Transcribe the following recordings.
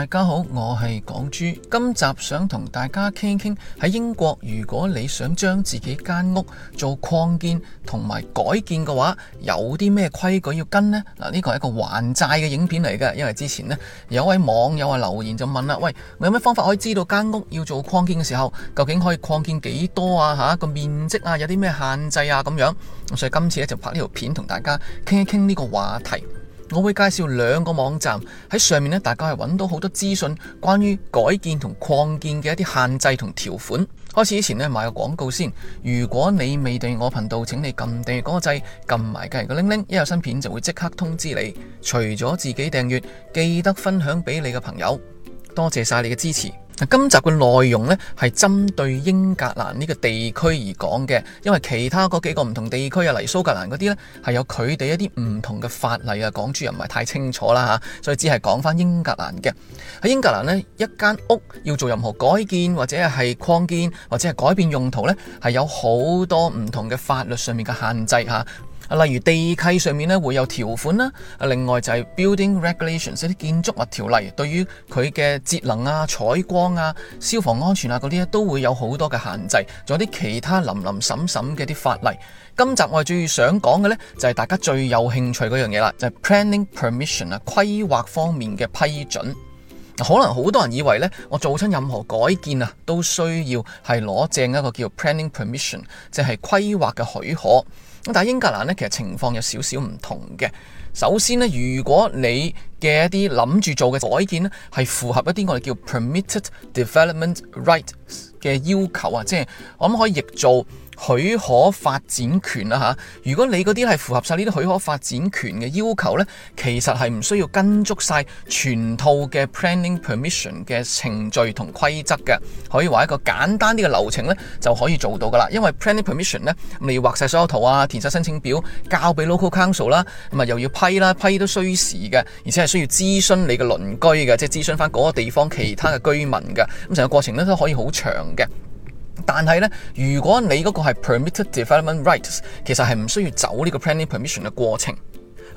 大家好，我係港豬。今集想同大家傾一傾喺英國，如果你想將自己間屋做擴建同埋改建嘅話，有啲咩規矩要跟呢？嗱，呢個係一個還債嘅影片嚟嘅，因為之前呢有位網友啊留言就問啦，喂，我有咩方法可以知道間屋要做擴建嘅時候，究竟可以擴建幾多啊？吓、啊、個面積啊，有啲咩限制啊咁樣？所以今次咧就拍呢條片同大家傾一傾呢個話題。我會介紹兩個網站，喺上面咧，大家係揾到好多資訊，關於改建同擴建嘅一啲限制同條款。開始之前咧，賣個廣告先。如果你未訂閱我頻道，請你撳訂閱嗰個掣，撳埋隔籬個鈴鈴，一有新片就會即刻通知你。除咗自己訂閱，記得分享俾你嘅朋友。多謝晒你嘅支持。今集嘅內容呢，係針對英格蘭呢個地區而講嘅，因為其他嗰幾個唔同地區啊，例如蘇格蘭嗰啲呢係有佢哋一啲唔同嘅法例啊，港豬又唔係太清楚啦吓，所以只係講翻英格蘭嘅。喺英格蘭呢，一間屋要做任何改建或者係擴建或者係改變用途呢，係有好多唔同嘅法律上面嘅限制吓。例如地契上面咧會有條款啦，另外就係 building regulations 即啲建築物條例，對於佢嘅節能啊、採光啊、消防安全啊嗰啲咧都會有好多嘅限制，仲有啲其他林林審審嘅啲法例。今集我最想講嘅呢，就係大家最有興趣嗰樣嘢啦，就係 planning permission 啊，規劃方面嘅批准。可能好多人以為呢，我做親任何改建啊，都需要係攞正一個叫 planning permission，即係規劃嘅許可。但係英格蘭呢，其實情況有少少唔同嘅。首先呢，如果你嘅一啲諗住做嘅改建咧，係符合一啲我哋叫 permitted development rights 嘅要求啊，即係我諗可以譯做許可發展權啦吓、啊，如果你嗰啲係符合晒呢啲許可發展權嘅要求咧，其實係唔需要跟足晒全套嘅 planning permission 嘅程序同規則嘅，可以話一個簡單啲嘅流程咧就可以做到噶啦。因為 planning permission 咧，你要畫晒所有圖啊，填晒申請表，交俾 local council 啦，咁啊又要批啦，批都需時嘅，而且係。需要諮詢你嘅鄰居嘅，即係諮詢翻嗰個地方其他嘅居民嘅，咁成個過程咧都可以好長嘅。但係咧，如果你嗰個係 Permitted Development Rights，其實係唔需要走呢個 Planning Permission 嘅過程。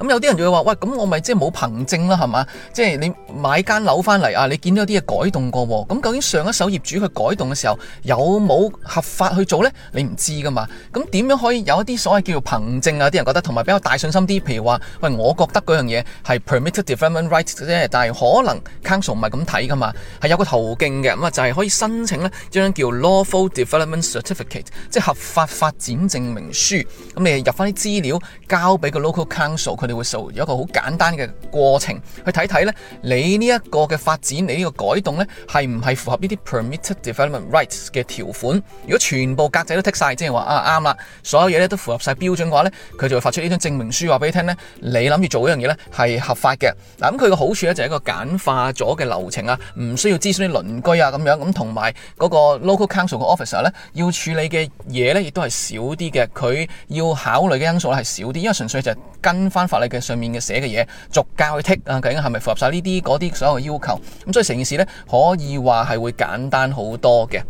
咁有啲人就會話：，喂，咁我咪即係冇憑證啦，係嘛？即係你買間樓翻嚟啊，你見到啲嘢改動過喎。咁究竟上一手業主佢改動嘅時候有冇合法去做咧？你唔知噶嘛。咁點樣可以有一啲所謂叫做憑證啊？啲人覺得同埋比較大信心啲。譬如話：，喂，我覺得嗰樣嘢係 permitted development rights 啫，但係可能 council 唔係咁睇噶嘛。係有個途徑嘅，咁啊就係可以申請咧，一張叫 lawful development certificate，即係合法發展證明書，咁你入翻啲資料交俾個 local council，佢哋。就會有一個好簡單嘅過程去睇睇咧，你呢一個嘅發展，你呢個改動咧，係唔係符合呢啲 permitted development rights 嘅條款？如果全部格仔都剔晒，即係話啊啱啦，所有嘢咧都符合晒標準嘅話呢，佢就會發出呢張證明書，話俾你聽呢你諗住做一樣嘢呢係合法嘅。嗱咁佢嘅好處呢，就係一個簡化咗嘅流程啊，唔需要諮詢啲鄰居啊咁樣，咁同埋嗰個 local council 嘅 officer 呢，要處理嘅嘢呢，亦都係少啲嘅，佢要考慮嘅因素咧係少啲，因為純粹就係跟翻。法例嘅上面嘅寫嘅嘢，逐格去剔啊，究竟係咪符合晒呢啲嗰啲所有要求？咁所以成件事咧，可以話係會簡單好多嘅。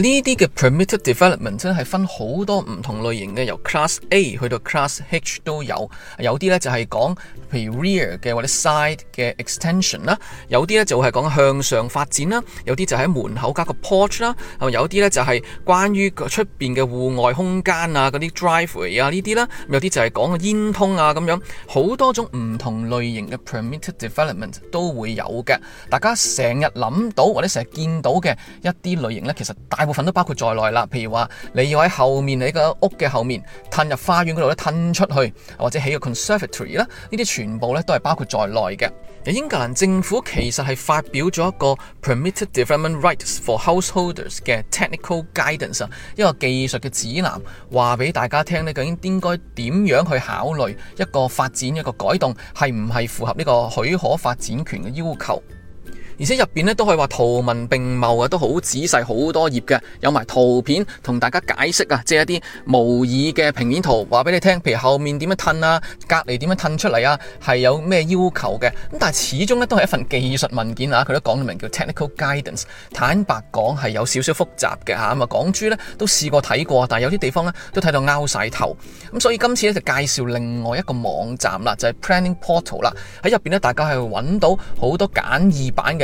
呢啲嘅 permitted development 真係分好多唔同類型嘅，由 Class A 去到 Class H 都有。有啲咧就係講譬如 rear 嘅或者 side 嘅 extension 啦；有啲咧就係講向上發展啦；有啲就喺門口加個 porch 啦；係咪有啲咧就係關於出邊嘅戶外空間啊，啲 driveway 啊呢啲啦？有啲就係講煙通啊咁樣，好多種唔同類型嘅 permitted development 都會有嘅。大家成日諗到或者成日見到嘅一啲類型咧，其實大。大部分都包括在內啦，譬如話你要喺後面你個屋嘅後面褪入花園嗰度咧褪出去，或者起個 conservatory 啦，呢啲全部咧都係包括在內嘅。英格蘭政府其實係發表咗一個 permitted development rights for householders 嘅 technical guidance 啊，一個技術嘅指南，話俾大家聽咧究竟應該點樣去考慮一個發展一個改動係唔係符合呢個許可發展權嘅要求。而且入邊咧都可以話圖文並茂啊，都好仔細，好多頁嘅，有埋圖片同大家解釋啊，即係一啲模擬嘅平面圖話俾你聽，譬如後面點樣褪啊，隔籬點樣褪出嚟啊，係有咩要求嘅。咁但係始終咧都係一份技術文件啊，佢都講到名叫 technical guidance。坦白講係有少少複雜嘅吓，咁啊港豬咧都試過睇過，但係有啲地方咧都睇到拗晒頭。咁所以今次咧就介紹另外一個網站啦，就係 planning portal 啦。喺入邊咧大家係揾到好多簡易版嘅。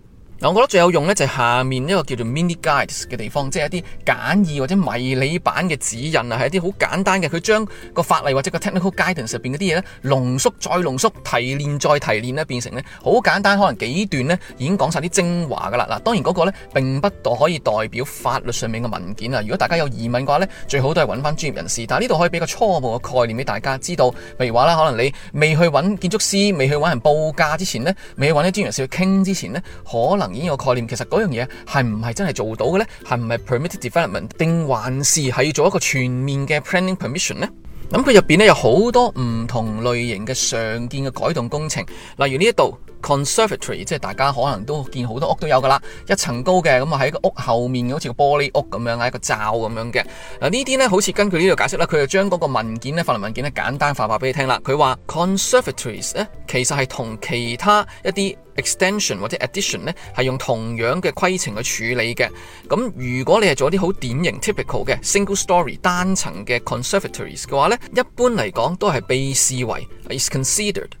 我覺得最有用呢，就係下面呢個叫做 mini guides 嘅地方，即係一啲簡易或者迷你版嘅指引啊，係一啲好簡單嘅。佢將個法例或者個 Technical Guidance 入面嗰啲嘢呢，濃縮再濃縮、提煉再提煉呢，變成呢好簡單，可能幾段呢已經講晒啲精華噶啦。嗱，當然嗰個咧並唔可以代表法律上面嘅文件啊。如果大家有疑問嘅話呢，最好都係揾翻專業人士。但呢度可以俾個初步嘅概念俾大家知道。譬如話呢，可能你未去揾建築師，未去揾人報價之前呢，未去揾啲專業人士去傾之前呢。可能已經有概念，其實嗰樣嘢係唔係真係做到嘅呢？係唔係 permitted development 定還是係要做一個全面嘅 planning permission 呢？咁佢入邊咧有好多唔同類型嘅常見嘅改動工程，例如呢一度。conservatory 即係大家可能都見好多屋都有噶啦，一層高嘅咁啊喺個屋後面，好似個玻璃屋咁樣，一個罩咁樣嘅。嗱呢啲呢，好似根據呢度解釋啦，佢就將嗰個文件呢，法律文件呢，簡單化話俾你聽啦。佢話 conservatories 呢，其實係同其他一啲 extension 或者 addition 呢，係用同樣嘅規程去處理嘅。咁如果你係做啲好典型 typical 嘅 single story 單層嘅 conservatories 嘅話呢，一般嚟講都係被視為 is considered。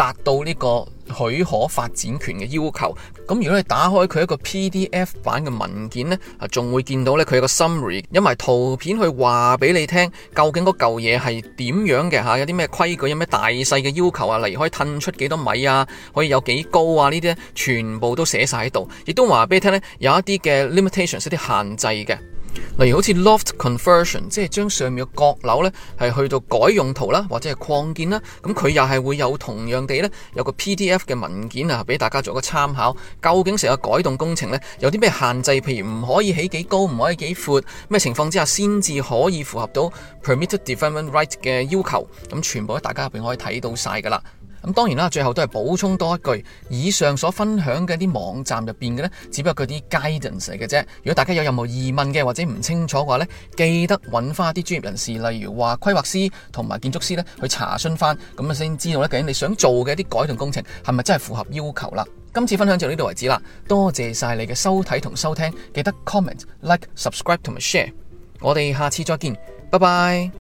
達到呢個許可發展權嘅要求，咁如果你打開佢一個 PDF 版嘅文件呢，啊，仲會見到呢佢有一個 summary，有埋圖片去話俾你聽，究竟嗰嚿嘢係點樣嘅，有啲咩規矩，有咩大細嘅要求啊，例如可以褪出幾多米啊，可以有幾高啊，呢啲全部都寫晒喺度，亦都話俾你聽呢，有一啲嘅 limitations，一啲限制嘅。例如好似 loft conversion，即係將上面嘅閣樓呢係去到改用途啦，或者係擴建啦，咁佢又係會有同樣地呢，有個 PDF 嘅文件啊，俾大家做個參考。究竟成個改動工程呢，有啲咩限制？譬如唔可以起幾高，唔可以幾闊，咩情況之下先至可以符合到 Permitted Development Right 嘅要求？咁全部喺大家入邊可以睇到晒噶啦。咁當然啦，最後都係補充多一句，以上所分享嘅啲網站入邊嘅呢，只不過佢啲 guidance 嚟嘅啫。如果大家有任何疑問嘅或者唔清楚嘅話呢，記得揾翻啲專業人士，例如話規劃師同埋建築師呢，去查詢翻，咁啊先知道呢，究竟你想做嘅啲改動工程係咪真係符合要求啦。今次分享就到呢度為止啦，多謝晒你嘅收睇同收聽，記得 comment like、like、subscribe 同埋 share，我哋下次再見，拜拜。